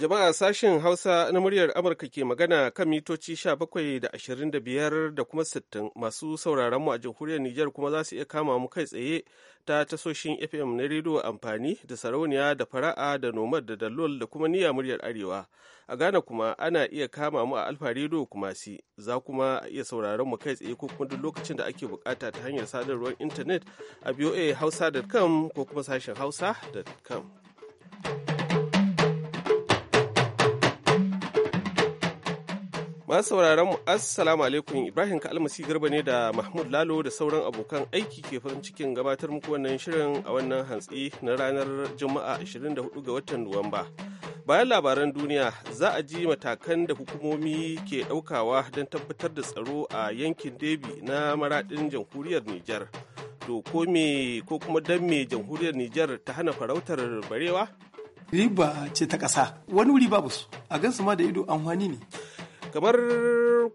Jama'a sashen Hausa na muryar Amurka ke magana kan mitoci 17 da 25 da kuma 60 masu sauraron mu a jamhuriyar Nijar kuma za su iya kama mu kai tsaye ta tasoshin FM na rediyo amfani da sarauniya da fara'a da nomad da dalol da kuma niyya muryar Arewa. A Ghana kuma ana iya kama mu a Alfa rediyo kuma si za kuma iya sauraron mu kai tsaye ko kuma duk lokacin da ake bukata ta hanyar sadarwar intanet a voahausa.com ko kuma sashen hausa.com. Masu sauraron mu assalamu alaikum Ibrahim ka almasi garba ne da Mahmud Lalo da sauran abokan aiki ke farin cikin gabatar muku wannan shirin a wannan hantsi na ranar Juma'a 24 ga watan Nuwamba. Bayan labaran duniya za a ji matakan da hukumomi ke ɗaukawa don tabbatar da tsaro a yankin Debi na maradin jamhuriyar Nijar. To ko me ko kuma dan me jamhuriyar Nijar ta hana farautar barewa? Riba ce ta ƙasa, wani wuri babu su, a gansu ma da ido amfani ne. kamar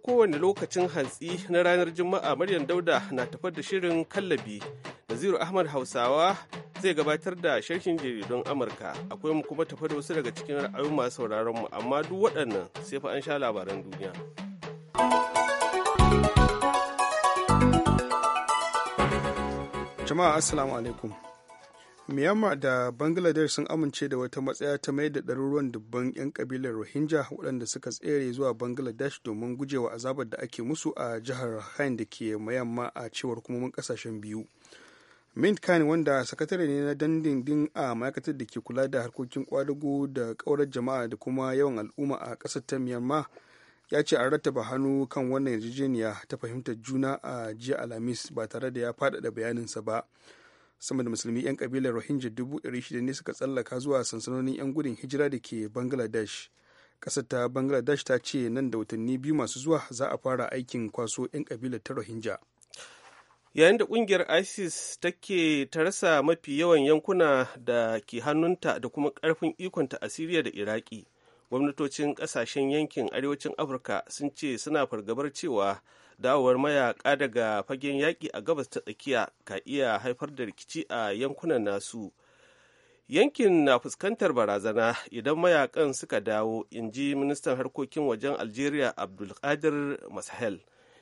kowane lokacin hantsi na ranar juma'a maryam dauda na tafar da shirin kallabi naziru ahmad hausawa zai gabatar da sharhin jaridun amurka akwai mu kuma tafar da wasu daga cikin ra'ayoyin masu sauraron mu amma duk waɗannan sai fa an sha labaran duniya jama'a assalamu alaikum myanmar da bangladesh sun amince da wata matsaya ta mai da ɗaruruwan dubban 'yan kabilar rohingya waɗanda suka tsere zuwa bangladesh domin gujewa azabar da ake musu a jihar rakhine da ke myanmar a cewar hukumomin kasashen biyu mint khan wanda sakatare ne na dandindin a ma'aikatar da ke kula da harkokin kwadago da ƙaurar jama'a da kuma yawan al'umma a ƙasar ta myanmar ya ce an rattaba hannu kan wannan yarjejeniya ta fahimtar juna a jiya alhamis ba tare da ya faɗaɗa bayaninsa ba sama da musulmi 'yan kabilar rohingya shida ne suka tsallaka zuwa sansanonin 'yan gudun hijira da ke bangladesh ƙasar ta bangladesh ta ce nan da watanni biyu masu zuwa za a fara aikin kwaso 'yan kabilar ta rohingya yayin da kungiyar isis take ta rasa mafi yawan yankuna da ke hannunta da kuma karfin ikonta a siriya da iraki gwamnatocin kasashen yankin arewacin afirka sun ce suna fargabar cewa dawowar mayaka daga fagen yaƙi a gabas ta tsakiya ka iya haifar da rikici a yankunan nasu yankin na fuskantar barazana idan mayakan suka dawo in ji ministan harkokin wajen algeria abdulkadir mashel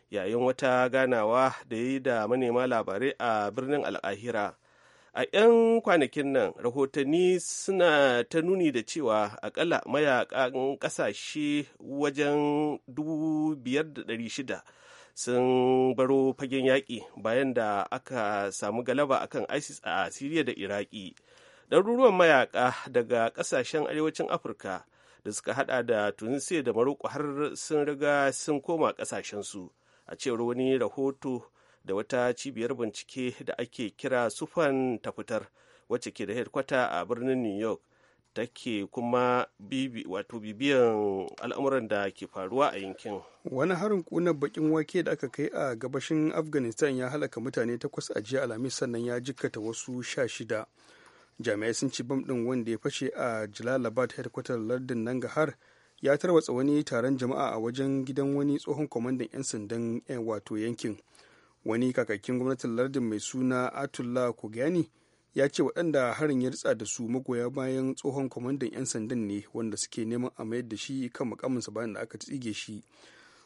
yayin wata ganawa da yi da manema labarai a birnin al'ahira a 'yan kwanakin nan rahotanni suna ta nuni da cewa akalla mayakan kasashe wajen shida. sun baro fagen yaƙi bayan da aka samu galaba a kan isis a siriya da iraki ɗaruruwan mayaƙa daga ƙasashen arewacin afirka da suka hada da tunisia da maroko har sun riga sun koma ƙasashensu a cewar wani rahoto da wata cibiyar bincike da ake kira sufan ta fitar wacce ke da hedkwata a birnin new york take kuma bibi wato bibiyan al'amuran da ke faruwa a yankin wani harin kunar bakin wake da aka kai a gabashin afghanistan ya halaka mutane takwas a jiya alhamis sannan ya jikkata wasu sha shida jami'ai sun ci bam din wanda ya fashe a jalalabad headquarter lardin nangahar ya tarwatsa wani taron jama'a a wajen gidan wani tsohon kwamandan 'yan sandan eh, wato yankin wani kakakin gwamnatin lardin mai suna atullah kogani ya ce waɗanda harin ya ritsa da su magoya bayan tsohon kwamandan 'yan sandan ne wanda suke neman a mayar da shi kan mukaminsa bayan da aka tsige shi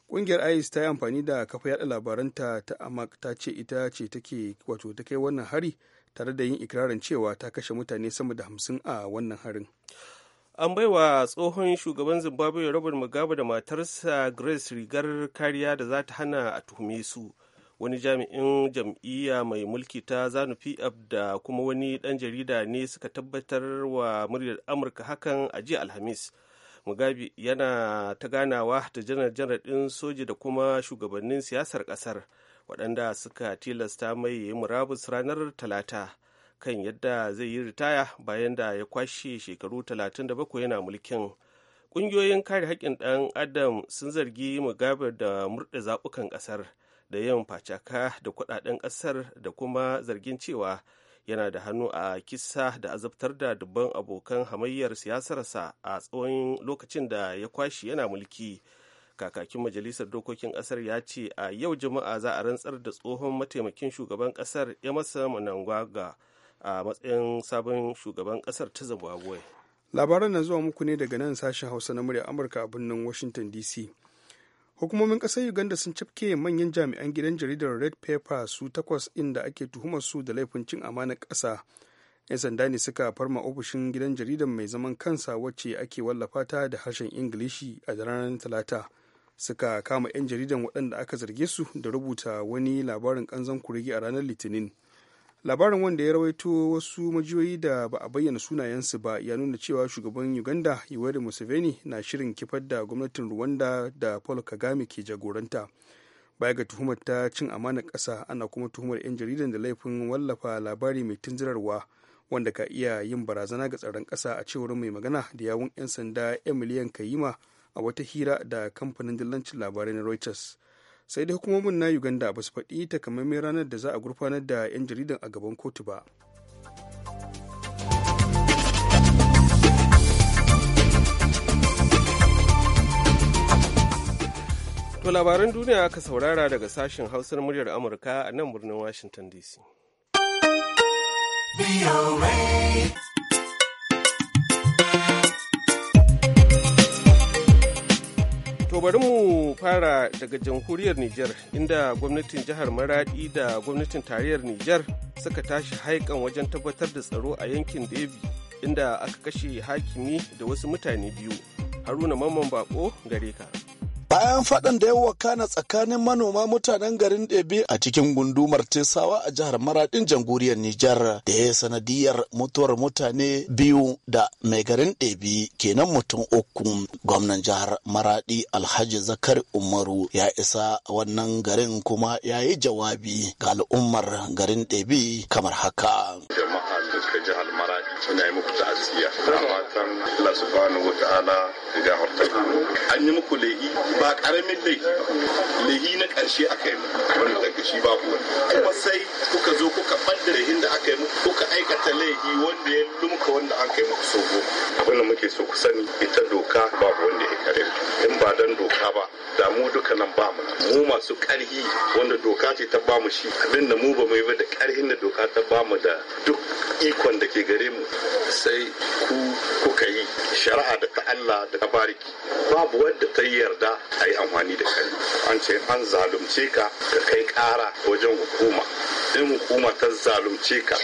ƙungiyar is ta yi amfani da kafa yada labaranta ta amak ta ce ita ce take wato ta kai wannan hari tare da yin ikirarin cewa ta kashe mutane sama da hamsin a wannan harin an baiwa tsohon shugaban zimbabwe robert mugabe da matarsa grace rigar kariya da za ta hana a tuhume su wani jami'in jam'iyya mai mulki ta zanu pf da kuma wani ɗan jarida ne suka tabbatar wa muryar amurka hakan a jiya alhamis mugabe yana ta ganawa da janar-janar ɗin soji da kuma shugabannin siyasar ƙasar waɗanda suka tilasta mai yi murabus ranar talata kan yadda zai yi ritaya bayan da ya kwashe shekaru talatin da 37 yana mulkin. ƙungiyoyin kare haƙƙin ɗan adam sun zargi mugabe da murɗe zaɓukan ƙasar da yin facaka da kuɗaɗen ƙasar da kuma zargin cewa yana da hannu a kisa da azabtar da dubban abokan hamayyar siyasarsa a tsawon lokacin da ya kwashi yana mulki kakakin majalisar dokokin ƙasar ya ce a yau jama'a za a rantsar da tsohon mataimakin shugaban ƙasar ya masa mnangagwa a matsayin sabon shugaban ƙasar ta zimbabwe labaran na zuwa muku ne daga nan sashen hausa na murya amurka a birnin washington dc hukumomin ƙasar uganda sun cafke manyan jami'an gidan jaridar red paper su takwas inda ake tuhumar su da laifin cin amanar ƙasa 'yan sanda ne suka farma ofishin gidan jaridar mai zaman kansa wacce ake wallafa ta da harshen ingilishi a ranar talata suka kama 'yan jaridan waɗanda aka zarge su da rubuta wani labarin kanzan kurege a ranar litinin labarin wanda ya rawaito wasu majiyoyi da ba a bayyana sunayensu ba ya nuna cewa shugaban uganda yoweri museveni na shirin kifar da gwamnatin rwanda da paul kagame ke jagoranta baya ga tuhumar ta cin amana ƙasa ana kuma tuhumar 'yan jaridan da laifin wallafa labari mai tunzirarwa wanda ka iya yin barazana ga tsaron ƙasa a cewar mai magana da yawun 'yan sanda emilian kayima a wata hira da kamfanin dillancin labarai na reuters sai dai hukumomin na uganda ba su faɗi takamaiman ranar da za a gurfanar da 'yan jaridan a gaban kotu ba To labaran duniya aka saurara daga sashen hausar muryar Amurka a nan birnin Washington DC. To bari mu fara daga jamhuriyar Nijar inda gwamnatin jihar Maradi da gwamnatin tarayyar Nijar suka tashi haikan wajen tabbatar da tsaro a yankin Debi inda aka kashe hakimi da wasu mutane biyu. Haruna Mamman Bako gare ka. bayan faɗan da ya wakana tsakanin manoma mutanen garin ɗebe a cikin gundumar tesawa a jihar Maraɗin jamhuriyar nijar da ya sanadiyar mutuwar mutane biyu da mai garin ɗebe kenan mutum uku gwamnan jihar Maraɗi alhaji zakar umaru ya isa wannan garin kuma ya yi jawabi ga al'ummar garin ɗebe kamar haka suna yi muku ta'aziyya a fatan Allah subhanahu wata'ala ya gafarta an yi muku lehi ba karamin lehi lehi na karshe aka yi muku wani daga shi ba ku kuma sai kuka zo kuka banda lehin da aka yi muku kuka aikata lehi wanda ya lumka wanda an yi muku sogo abinda muke so ku sani ita doka ba wanda ya kare in ba dan doka ba da mu duka nan ba mu mu masu karhi wanda doka ce ta ba mu shi abinda mu ba mu yi ba da karhin da doka ta ba mu da duk ikon da ke gare mu sai ku kuka yi shari'a da ta Allah da ta bariki babu wadda ta yarda a yi amfani da kai an ce an zalunce ka ka kai kara wajen hukuma in hukuma ta zalunce ka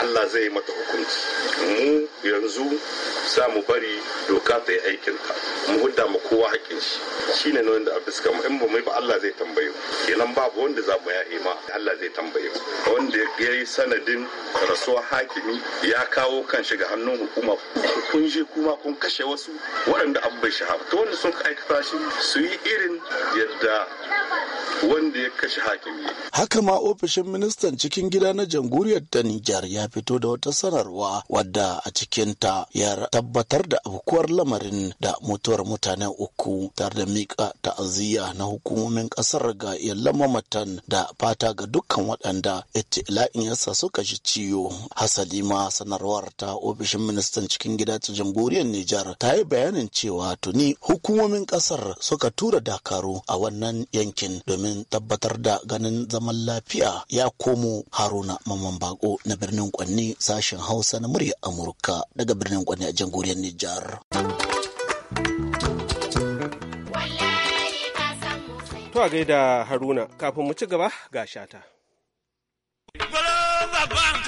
Allah zai mata hukunci mu yanzu sa mu bari doka ta yi aikinta mu hudda ma kowa haƙin shi shi ne wanda a fuska mu in ba mu ba Allah zai tambaye mu kenan babu wanda za mu ya ima Allah zai tambaye mu wanda ya yi sanadin rasuwa hakimi ya kawo kan shi ga hannun hukuma kun je kuma kun kashe wasu waɗanda an bai shahaba to wanda sun aikata shi su yi irin yadda wanda ya kashe hakimi haka ma ofishin ministan cikin gida na jamhuriyar ta Nijar ya ya fito da wata sanarwa wadda a cikin ta ya tabbatar da abukuwar lamarin da mutuwar mutane uku tare da miƙa ta'aziyya na hukumomin ƙasar ga yalla lamamatan da fata ga dukkan waɗanda ila'in yasa suka shi ciwo hasali ma sanarwar ta ofishin ministan cikin gida ta jamhuriyar Nijar ta yi bayanin cewa tuni hukumomin ƙasar suka tura dakaru a wannan yankin domin tabbatar da ganin zaman lafiya ya komo haruna mamman bako na birnin Kwanni sashen Hausa na murya Amurka daga birnin Kwanni a jamhuriyar Nijar. To a gaida Haruna kafin mu ci gaba ga shata. Gwamnan babban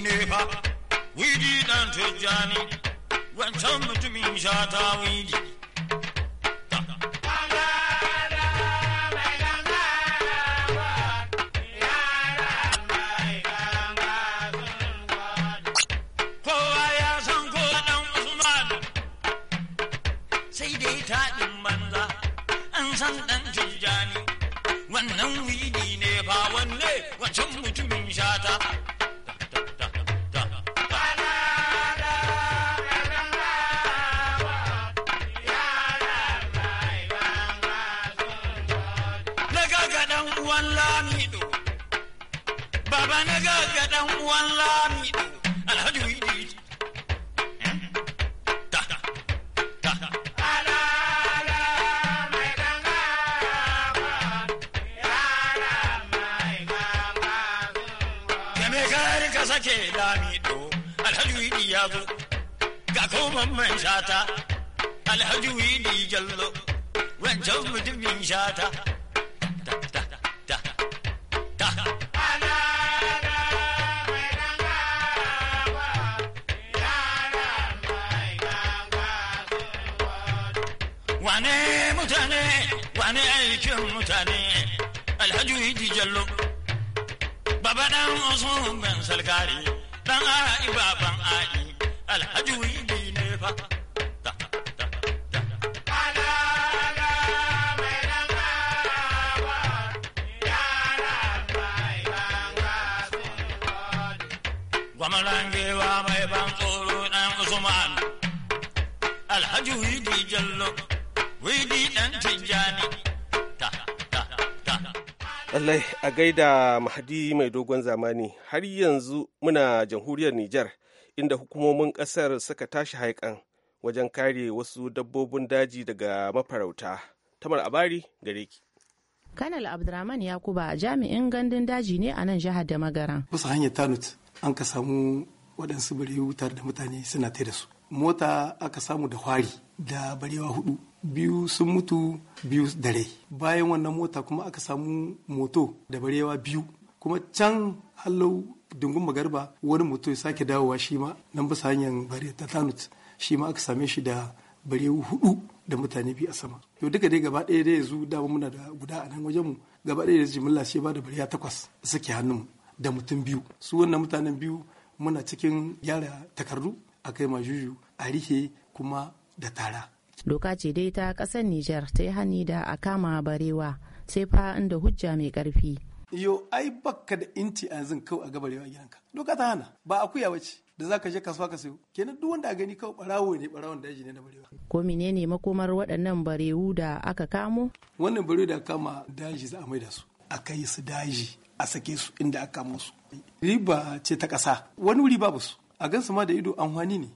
ne fa widi dan tijjani wancan mutumin shata widi sake lamido alhaji widi ya zo ga koman man shata alhaji widi jallo wancan mutumin shata wane mutane wane aikin mutane alhaji widi jallo baba dan usman ban salkari dan a'i baban a'i alhaji wili ne fa Gwamalangewa mai ban tsoro ɗan Usman, Alhaji Widi Jallo, Widi ɗan Tijjani, lallai a gaida mahadi mai dogon zamani har yanzu muna jamhuriyar Nijar inda hukumomin ƙasar suka tashi haikan wajen kare wasu dabbobin daji daga mafarauta. Tamar Abari gare ki. Kanal Abdurrahman Yakuba jami'in gandun daji ne a nan jihar da magaran. Wasu hanyar Tanut an ka samu waɗansu barewu tare da mutane suna tai da su. Mota aka samu da hwari da barewa hudu biyu sun mutu biyu da rai bayan wannan mota kuma aka samu moto da barewa biyu kuma can hallau dungun magarba wani moto ya sake dawowa shi ma nan bisa hanyar bare ta tanut shi ma aka same shi da barewu hudu da mutane biyu a sama yau duka dai gaba ɗaya dai yanzu dama muna da guda a nan wajenmu gaba ɗaya da jimilla ce ba da barewa takwas suke hannun da mutum biyu su wannan mutanen biyu muna cikin gyara takardu a kai ma juju a rike kuma da tara doka ce dai ta kasar nijar ta yi hani da a kama barewa sai fa inda hujja mai karfi yo ai baka da inci a yanzu kawai a ga barewa gidanka doka ta hana ba akuya wace da za ka je kasuwa ka sayo kenan duk wanda a gani kawai barawo ne barawon daji ne na barewa ko menene makomar waɗannan barewu da aka kamo wannan barewu da kama daji za a da su a kai su daji a sake su inda aka kamo su riba ce ta ƙasa wani wuri ba su a gansu ma da ido amfani ne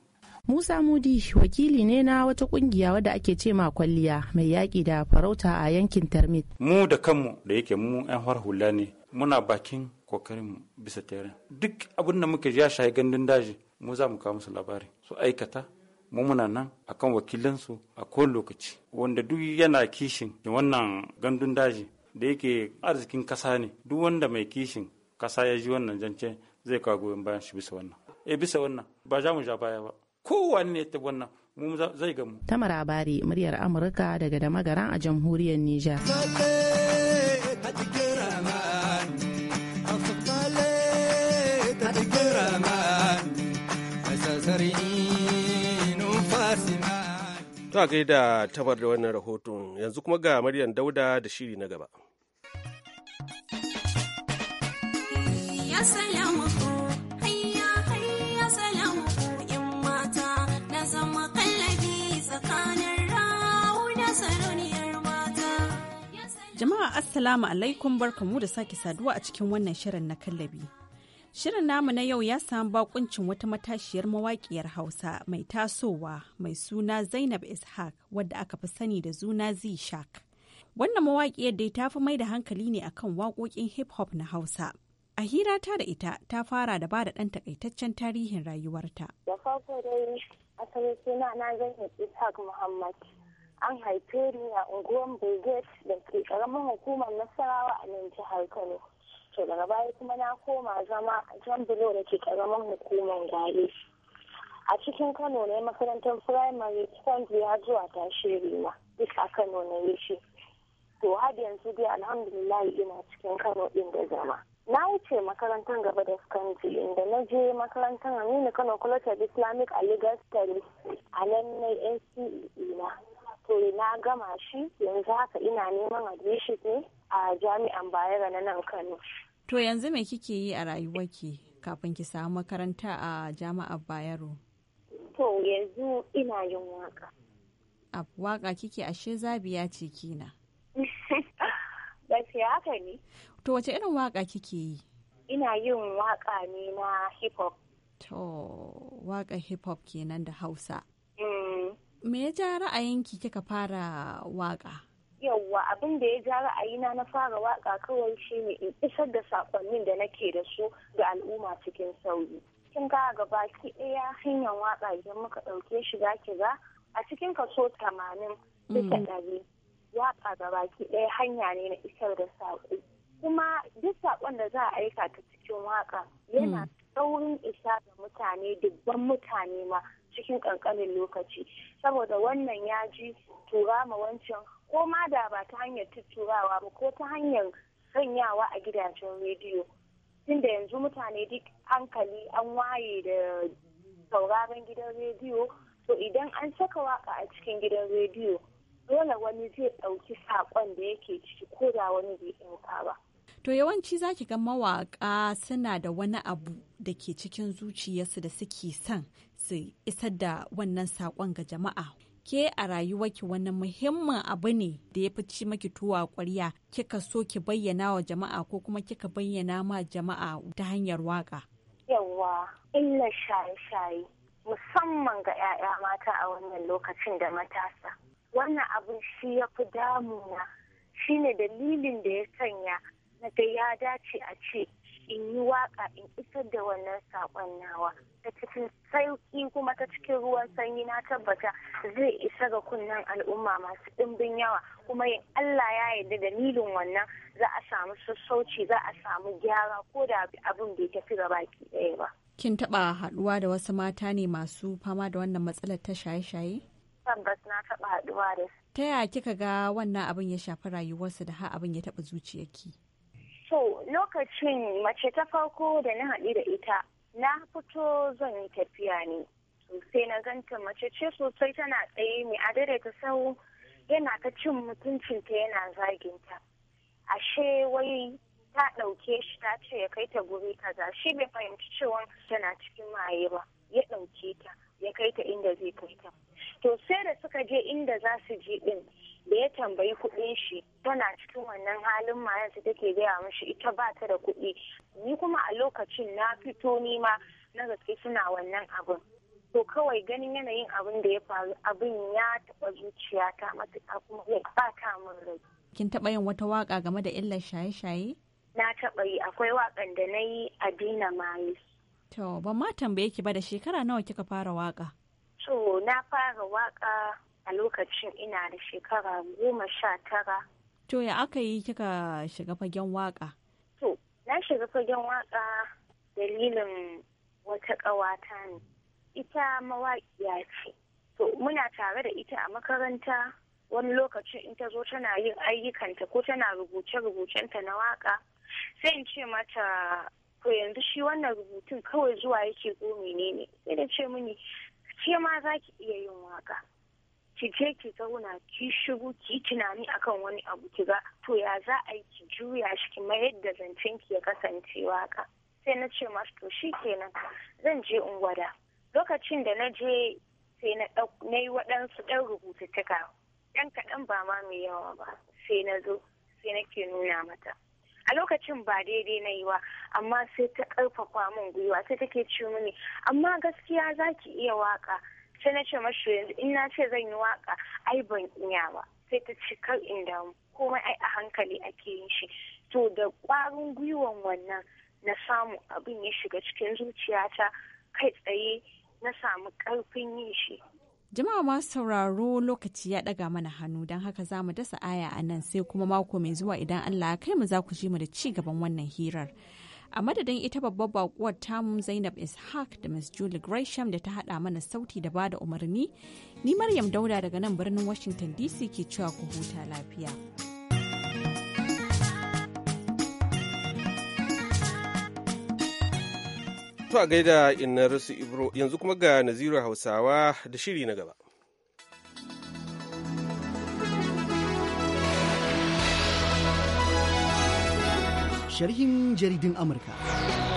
Musa Mudi wakili ne na wata kungiya wadda ake ce ma kwalliya mai yaƙi da farauta a yankin Termit. Mu da kanmu da yake mu 'yan har hula ne muna bakin kokarinmu bisa teren. Duk abin da muka ya shaye gandun daji mu za mu kawo musu labari su aikata mu muna nan akan wakilansu a kowane lokaci wanda duk yana kishin wannan gandun daji da yake arzikin kasa ne duk wanda mai kishin kasa ya ji wannan zance zai kawo goyon bayan shi bisa wannan e bisa wannan ba za mu ja baya ba kowanne ta wannan mu zai gamu. Tamara Bari muryar Amurka daga da magaran a jamhuriyar Nijar. Ta gaida tabar da wannan rahoton yanzu kuma ga Maryam Dauda da shiri na gaba. Yes, Jama'a Assalamu alaikum barkamu da sake saduwa a cikin wannan shirin na kallabi. Shirin namu na yau ya samu bakuncin wata matashiyar mawaƙiyar Hausa mai tasowa mai suna Zainab Ishaq wadda aka fi sani da zuna Zishak. Wannan mawaƙiyar dai ta fi mai da hankali ne akan waƙoƙin hip hop na Hausa. A hira ta da ita ta fara da ba da ɗan takaitaccen tarihin rayuwarta. Da farko dai asalin suna na Zainab Ishaq Muhammad. an haife ni a unguwan brigade da ke karamin hukumar nasarawa a nan jihar kano to daga baya kuma na koma zama a jan bulo da ke karamin hukumar gari a cikin kano ne makarantar firamare ya zuwa tashiri ma duk a kano na yi to har yanzu dai alhamdulillah ina cikin kano din da zama na wuce makarantar gaba da skanji inda na je makarantar aminu kano college of islamic a a nan na nce e na to na gama shi yanzu haka ina neman admission ne a jami'an bayero na nan kano to yanzu me kike yi a rayuwarki kafin ki samu makaranta a jami'ar bayero to yanzu ina yin waka a waka kike ashe zabiya ce kina gaskiya haka ne to wace irin waka kike yi ina yin waka ne na hip hop to waka hip hop kenan da hausa me ya ja ra'ayinki kika fara waka yawwa abin da ya ja ra'ayina na fara waka kawai shine in isar da saƙonnin da nake da su ga al'umma cikin sauri kin ga gabaki ɗaya hanyar waka idan muka ɗauke shi za ki ga a cikin kaso tamanin bisa mm. ɗari waka baki ɗaya hanya ne na isar da saƙo kuma duk saƙon da za a aika ta cikin waka yana mm. saurin isa ga mutane dubban mutane ma cikin kankanin lokaci saboda wannan ya ji tura wancan ko ma da ba ta hanyar tutturawa ba ko ta hanyar sanyawa a gidajen rediyo tunda yanzu mutane duk hankali an waye da sauraron gidan rediyo to idan an saka waka a cikin gidan rediyo dole wani zai ɗauki saƙon da yake ciki ko da wani bai ɗauka ba to yawanci za ki ga mawaƙa suna da wani abu da ke cikin zuciyarsu da suke son su isar da wannan saƙon ga jama'a ke a rayuwarki wani muhimmin abu ne da ya fi ci maki tuwa ƙwarya kika so ki bayyana wa jama'a ko kuma kika bayyana ma jama'a ta hanyar waƙa yawa illa shaye-shaye musamman ga 'ya'ya mata a wannan lokacin da matasa wannan abin shi ya fi damuna shine dalilin da ya sanya na ga ya dace a ce in yi waka in isar da wannan saƙon nawa ta cikin sauƙi kuma ta cikin ruwan sanyi na tabbata zai isa ga kunnen al'umma masu ɗimbin yawa kuma yin Allah ya yarda dalilin wannan za a samu sassauci za a samu gyara ko da abin bai tafi ga baki ɗaya ba. Kin taɓa haɗuwa da wasu mata ne masu fama da wannan matsalar ta shaye-shaye? Tabbas na taɓa haɗuwa da su. Ta yaya kika ga wannan abin ya shafi rayuwarsu da har abin ya taɓa zuciyarki? lokacin mace ta farko da na haɗu da ita na fito zan yi tafiya ne sosai na ganta mace ce sosai tana tsaye mai adada ta sau yana ta cin mutuncin ta yana zaginta ashe wai ta ɗauke shi ta ce ya kai ta guri kaza shi bai fahimci cewa tana cikin maye ba ya ɗauke ta ya kai ta inda zai kai ta to sai da suka je inda za su ji din da ya tambayi kuɗin shi tana cikin wannan halin mayan su take gaya mishi ita ba ta da kuɗi ni kuma a lokacin na fito ni ma na gaske suna wannan abin to kawai ganin yanayin abin da ya faru abin ya taɓa zuciyata matuƙa kuma ya ta min rai kin taɓa yin wata waka game da illar shaye-shaye na taɓa yi akwai waƙan da na yi a dina to ban ma tambaye ki ba da shekara nawa kika fara waƙa So na fara waka a lokacin ina da shekara goma sha tara. To ya aka yi kika shiga fagen waka? To na shiga fagen waka dalilin wata ƙawata ne. Ita mawaƙiya ce. To muna tare da ita a makaranta wani lokacin in ta zo tana yin ayyukanta ko tana rubuce-rubucenta na waka sai in ce mata to yanzu shi wannan rubutun kawai zuwa yake ko menene sai da ce mini ke ma za ki iya yin waka ki je ki zauna ki shigo ki tunani akan wani abu ki ga to ya za a yi ki juya shi ki mayar da zancen ki ya kasance waka sai na ce masu to shi kenan zan je in gwada lokacin da na je sai na yi waɗansu ɗan rubututtuka ɗan kaɗan ba ma mai yawa ba sai na zo sai nake nuna mata a lokacin ba daidai na yi wa amma sai ta karfafa min gwiwa sai take ce mini amma gaskiya za ki iya waka sai na ce mashi yanzu in na ce zan yi waka ai ban iya ba sai ta ci kar in damu komai ai a hankali ake yin shi to da kwarin gwiwan wannan na samu abin ya shiga cikin zuciyata kai tsaye na samu karfin yin shi Jama'a masu sauraro lokaci ya ɗaga mana hannu don haka za mu dasa aya a nan sai kuma mako mai zuwa idan Allah kai mu za ku ji mu da ci gaban wannan hirar. A madadin ita babbar bakuwar tamu Zainab Ishaq da Ms. Julie Gresham da ta haɗa mana sauti da bada umarni, ni Maryam Dauda daga nan birnin Washington DC ke cewa ku huta lafiya. To a gaida rasu Ibro yanzu kuma ga Naziru Hausawa da shiri na gaba. Sharhin jaridin Amurka.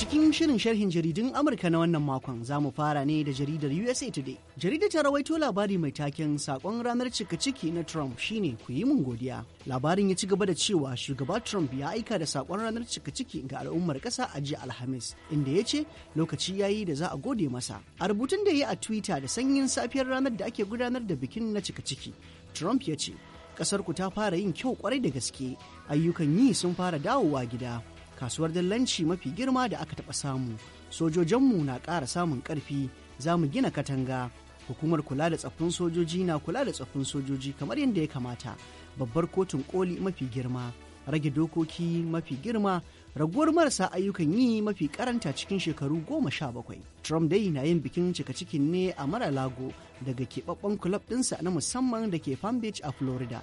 cikin shirin sharhin jaridun Amurka na wannan makon za mu fara ne da jaridar USA Today. Jaridar ta rawaito labari mai taken sakon ranar cika ciki na Trump shine ku yi mun godiya. Labarin ya ci gaba da cewa shugaba Trump ya aika da sakon ranar cika ciki ga al'ummar ƙasa a jiya Alhamis, inda ya ce lokaci ya yi da za a gode masa. A rubutun da ya yi a Twitter da sanyin safiyar ranar da ake gudanar da bikin na cika ciki, Trump ya ce, ƙasarku ta fara yin kyau kwarai da gaske, ayyukan yi sun fara dawowa gida. kasuwar Dallanci mafi girma da aka taɓa samu sojojinmu na ƙara samun ƙarfi za mu gina katanga hukumar kula da tsaffin sojoji na kula da tsaffin sojoji kamar yadda ya kamata babbar kotun koli mafi girma rage dokoki mafi girma raguwar marasa ayyukan yi mafi karanta cikin shekaru goma sha bakwai trump dai na yin bikin cika cikin ne a mara lago daga keɓaɓɓen kulab ɗinsa na musamman da ke palm beach a florida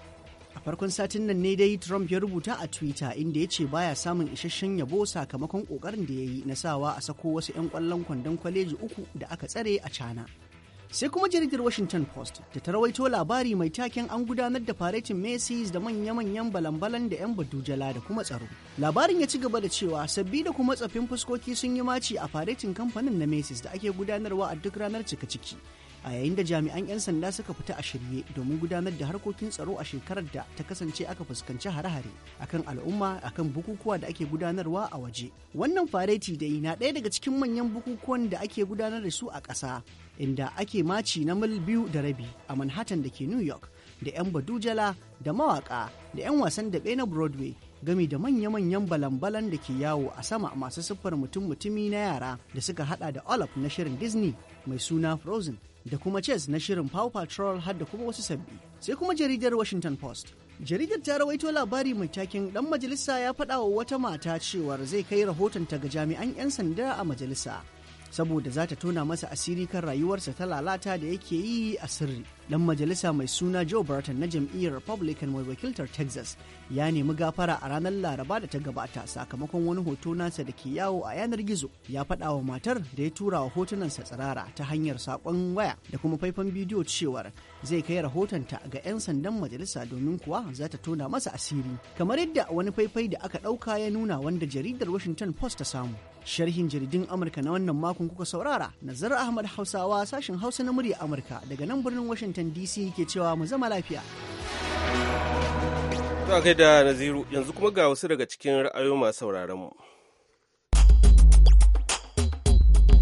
a farkon satin nan ne dai trump ya rubuta a twitter inda ya ce baya samun isasshen yabo sakamakon kokarin da ya yi na sawa a sako wasu 'yan kwallon kwandon kwaleji uku da aka tsare a cana sai kuma jaridar washington post da ta rawaito labari mai taken an gudanar da faretin macy's da manya-manyan balan-balan da 'yan badujala da kuma tsaro labarin ya ci gaba da cewa sabbi da kuma tsafin fuskoki sun yi maci a faretin kamfanin na macy's da ake gudanarwa a duk ranar cika ciki a yayin da jami'an 'yan sanda suka fita a shirye domin gudanar da harkokin tsaro a shekarar da ta kasance aka fuskanci hare-hare akan al'umma akan bukukuwa da ake gudanarwa a waje wannan fareti dai na ɗaya daga cikin manyan bukukuwan da ake gudanar da su a ƙasa inda ake maci na mil biyu da rabi a manhattan da ke new york da 'yan badujala da mawaka da 'yan wasan daɓe na broadway gami da manya-manyan balan-balan da ke yawo a sama masu siffar mutum-mutumi na yara da suka hada da olaf na shirin disney mai suna Frozen da kuma Chess na shirin Power Patrol har da kuma wasu sabbi. Sai kuma jaridar Washington Post. Jaridar ta rawaito labari mai takin dan majalisa ya faɗa wa wata mata cewa zai kai rahoton ta ga jami'an 'yan sanda a majalisa. Saboda za ta tona masa asiri kan rayuwarsa ta lalata da yake yi a sirri. dan majalisa mai suna joe barton na jam'iyyar republican mai wakiltar texas ya nemi gafara a ranar laraba da ta gabata sakamakon wani hoto nasa da ke yawo a yanar gizo ya faɗa wa matar da ya tura wa hotunansa tsirara ta hanyar saƙon waya da kuma faifan bidiyo cewar zai kai rahotonta ga 'yan sandan majalisa domin kuwa za ta tona masa asiri kamar yadda wani faifai da aka ɗauka ya nuna wanda jaridar washington post ta samu sharhin jaridun amurka na wannan makon kuka saurara nazar ahmad hausawa sashen hausa na murya amurka daga nan birnin washington Washington DC ke cewa mu zama lafiya. To kai da Naziru yanzu kuma ga wasu daga cikin ra'ayoyin masu sauraron mu.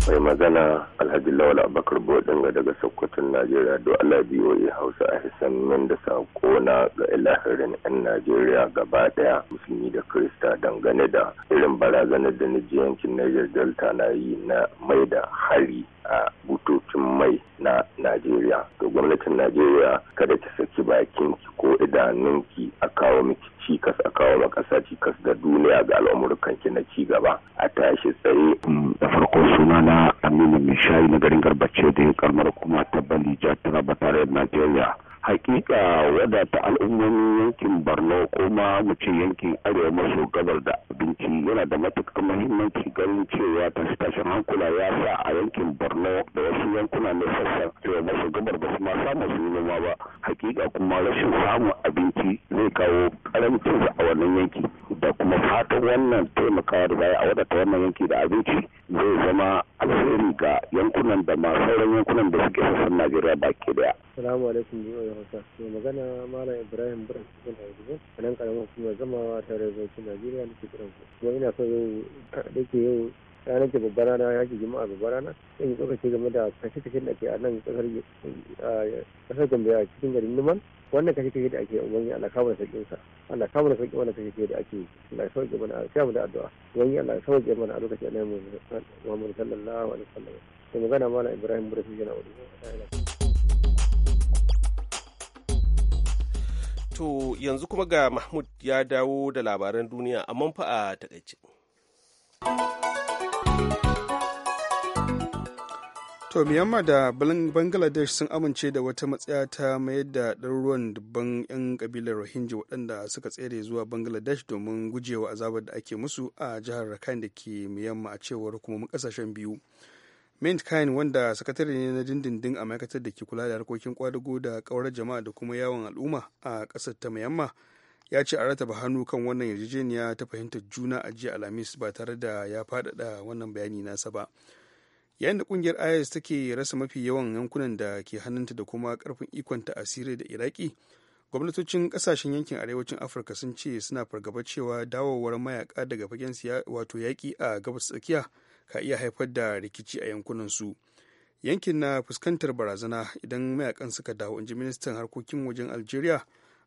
mai magana alhaji lawal abakar bodinga daga sokoton najeriya do allah ya hausa a hisan nan da sako na ga ilahirin yan najeriya gaba daya musulmi da krista dangane da irin barazanar da naji yankin niger delta na yi na mai da hari a butocin mai na najeriya to gwamnatin najeriya kada ki saki bakinki ko idanunki a kawo miki cikas a kawo ba kasa cikas da duniya ga al'amurkan ki na ci gaba a tashi tsaye. Mm, da farko suna na aminu mishayi na garin garbace da ya karmar kuma ta bali jatara ba tare da najeriya hakika wadata al'ummomin yankin borno kuma mu ce yankin arewa maso gabar da abinci yana da matukar mahimmanci ganin cewa ta tashin hankula ya sa a yankin borno da wasu yankuna na sassan arewa maso gabar ba su ma samun su ba hakika kuma rashin samun abinci zai kawo karamcin a wannan yanki da kuma fatan wannan taimakawa da baya a wadata wannan yanki da abinci zai zama alheri ga yankunan da ma sauran yankunan da suke sassan najeriya ba ke daya salamu alaikum biyu hausa mai magana malam ibrahim burin cikin hajjibin a nan karamin hukumar zama tare da yankin najeriya nake kiran ku kuma ina so yau da yau ranar ke babbar rana ya ke jima'a babbar rana zan yi tsokaci game da kashe-kashen da ke a nan kasar gombe a cikin garin liman wannan kashe kashe da ake wani ala kawo da sauƙin sa ala kawo da sauƙin wannan kashe kashe da ake Allah ya sauƙe mana a sai mu da addu'a wani Allah ya sauƙe mana a lokacin Annabi Muhammad sallallahu alaihi wasallam sai magana mana Ibrahim Burafi yana wuri To yanzu kuma ga Mahmud ya dawo da labaran duniya amma fa a takaice. to myanmar da bangladesh sun amince da wata matsaya ta mayar da ɗaruruwan dubban 'yan kabilar rohingya waɗanda suka tsere zuwa bangladesh domin gujewa azabar da ake musu a jihar rakhine da ke myanmar a cewar hukumomin ƙasashen biyu mint kain wanda sakatare ne na dindindin a ma'aikatar da ke kula da harkokin kwadago da kaurar jama'a da kuma yawon al'umma a ƙasar ta myanmar ya ce a rataba hannu kan wannan yarjejeniya ta fahimtar juna a jiya alhamis ba tare da ya faɗaɗa wannan bayani nasa ba yayin da kungiyar is take rasa mafi yawan yankunan da ke hannunta da kuma karfin ikonta a siriya da iraki gwamnatocin kasashen yankin arewacin afirka sun ce suna fargaba cewa dawowar mayaka daga fagen wato yaki a gabas tsakiya ka iya haifar da rikici a yankunan su yankin na fuskantar barazana idan mayakan suka dawo inji ministan harkokin wajen algeria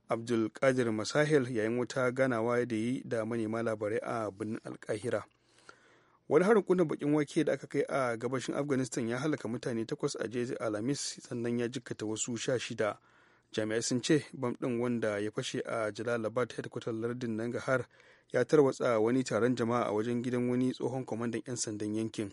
abdulkadir masahil yayin wata ganawa da yi da manema labarai a birnin alkahira wani harin kuna bakin wake da aka kai a gabashin afghanistan ya halaka mutane takwas a jeji alamis sannan ya jikkata wasu sha shida jami'ai sun ce bam ɗin wanda ya fashe a jalalabad headquarter lardin har ya tarwatsa wani taron jama'a a wajen gidan wani tsohon kwamandan 'yan sandan yankin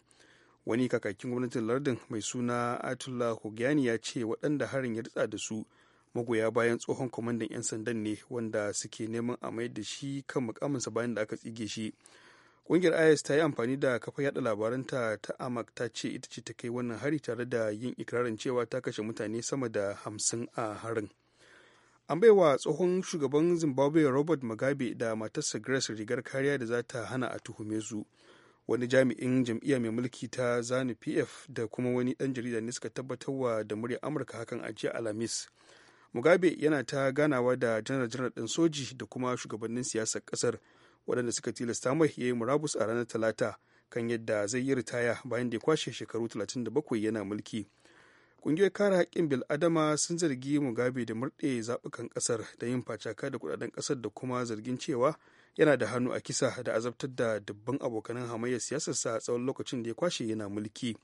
wani kakakin gwamnatin lardin mai suna atullah hogiani ya ce waɗanda harin ya ritsa da su magoya bayan tsohon kwamandan 'yan sandan ne wanda suke neman a mayar da shi kan mukaminsa bayan da aka tsige shi ƙungiyar is ta yi amfani da kafa yada labaranta ta amak ta ce ita ce ta kai wannan hari tare da yin ikirarin cewa ta kashe mutane sama da hamsin a harin an baiwa tsohon shugaban zimbabwe robert mugabe da matarsa grace rigar kariya da za ta hana a tuhume su wani jami'in jam'iyya mai mulki ta zanu pf da kuma wani dan jarida ne suka tabbatarwa da murya amurka hakan a jiya alhamis mugabe yana ta ganawa da janar janar din soji da kuma shugabannin siyasar kasar. waɗanda suka tilasta mai ya yi murabus a ranar talata kan yadda zai yi ritaya bayan da ya kwashe shekaru 37 yana mulki ƙungiyar kare haƙƙin bil adama sun zargi mugabe da murɗe zaɓukan ƙasar da yin facaka da kuɗaɗen ƙasar da kuma zargin cewa yana da hannu a kisa da azabtar da dubban abokan hamayyar siyasarsa a tsawon lokacin da ya kwashe yana mulki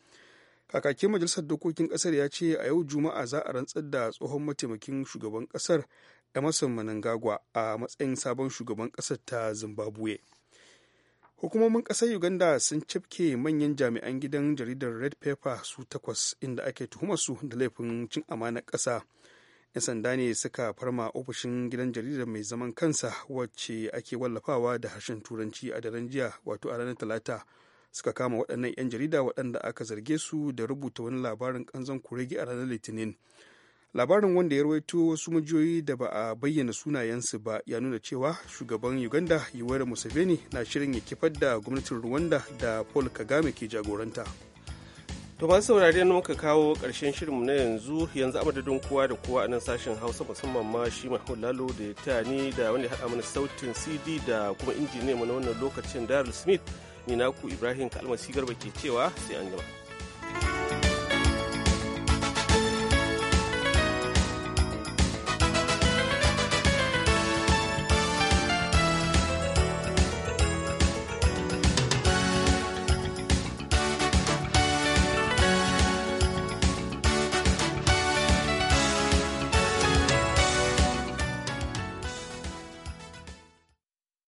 kakakin majalisar dokokin kasar ya ce a yau juma'a za a rantsar da tsohon mataimakin shugaban kasar emerson manangagwa a matsayin sabon shugaban ƙasar ta zimbabwe hukumomin ƙasar uganda sun cifke manyan jami'an gidan jaridar red paper su takwas inda ake tuhumar su da laifin cin amanar ƙasa 'yan sanda ne suka farma ofishin gidan jaridar mai zaman kansa wacce ake wallafawa da harshen turanci a daren jiya wato a ranar talata suka kama waɗannan 'yan jarida waɗanda aka zarge su da rubuta wani labarin kanzon kurege a ranar litinin labarin wanda ya rawaito wasu majiyoyi da ba a bayyana sunayensu ba ya nuna cewa shugaban uganda yoweri museveni na shirin ya kifar da gwamnatin rwanda da paul kagame ke jagoranta to ba saurare na muka kawo karshen shirinmu na yanzu yanzu amadadin kowa da kowa a nan sashen hausa musamman ma shi mahmud lalo da ya taya ni da wanda ya haɗa mana sautin cd da kuma injiniya mu na wannan lokacin daryl smith ni naku ibrahim kalmasi garba ke cewa sai an gaba.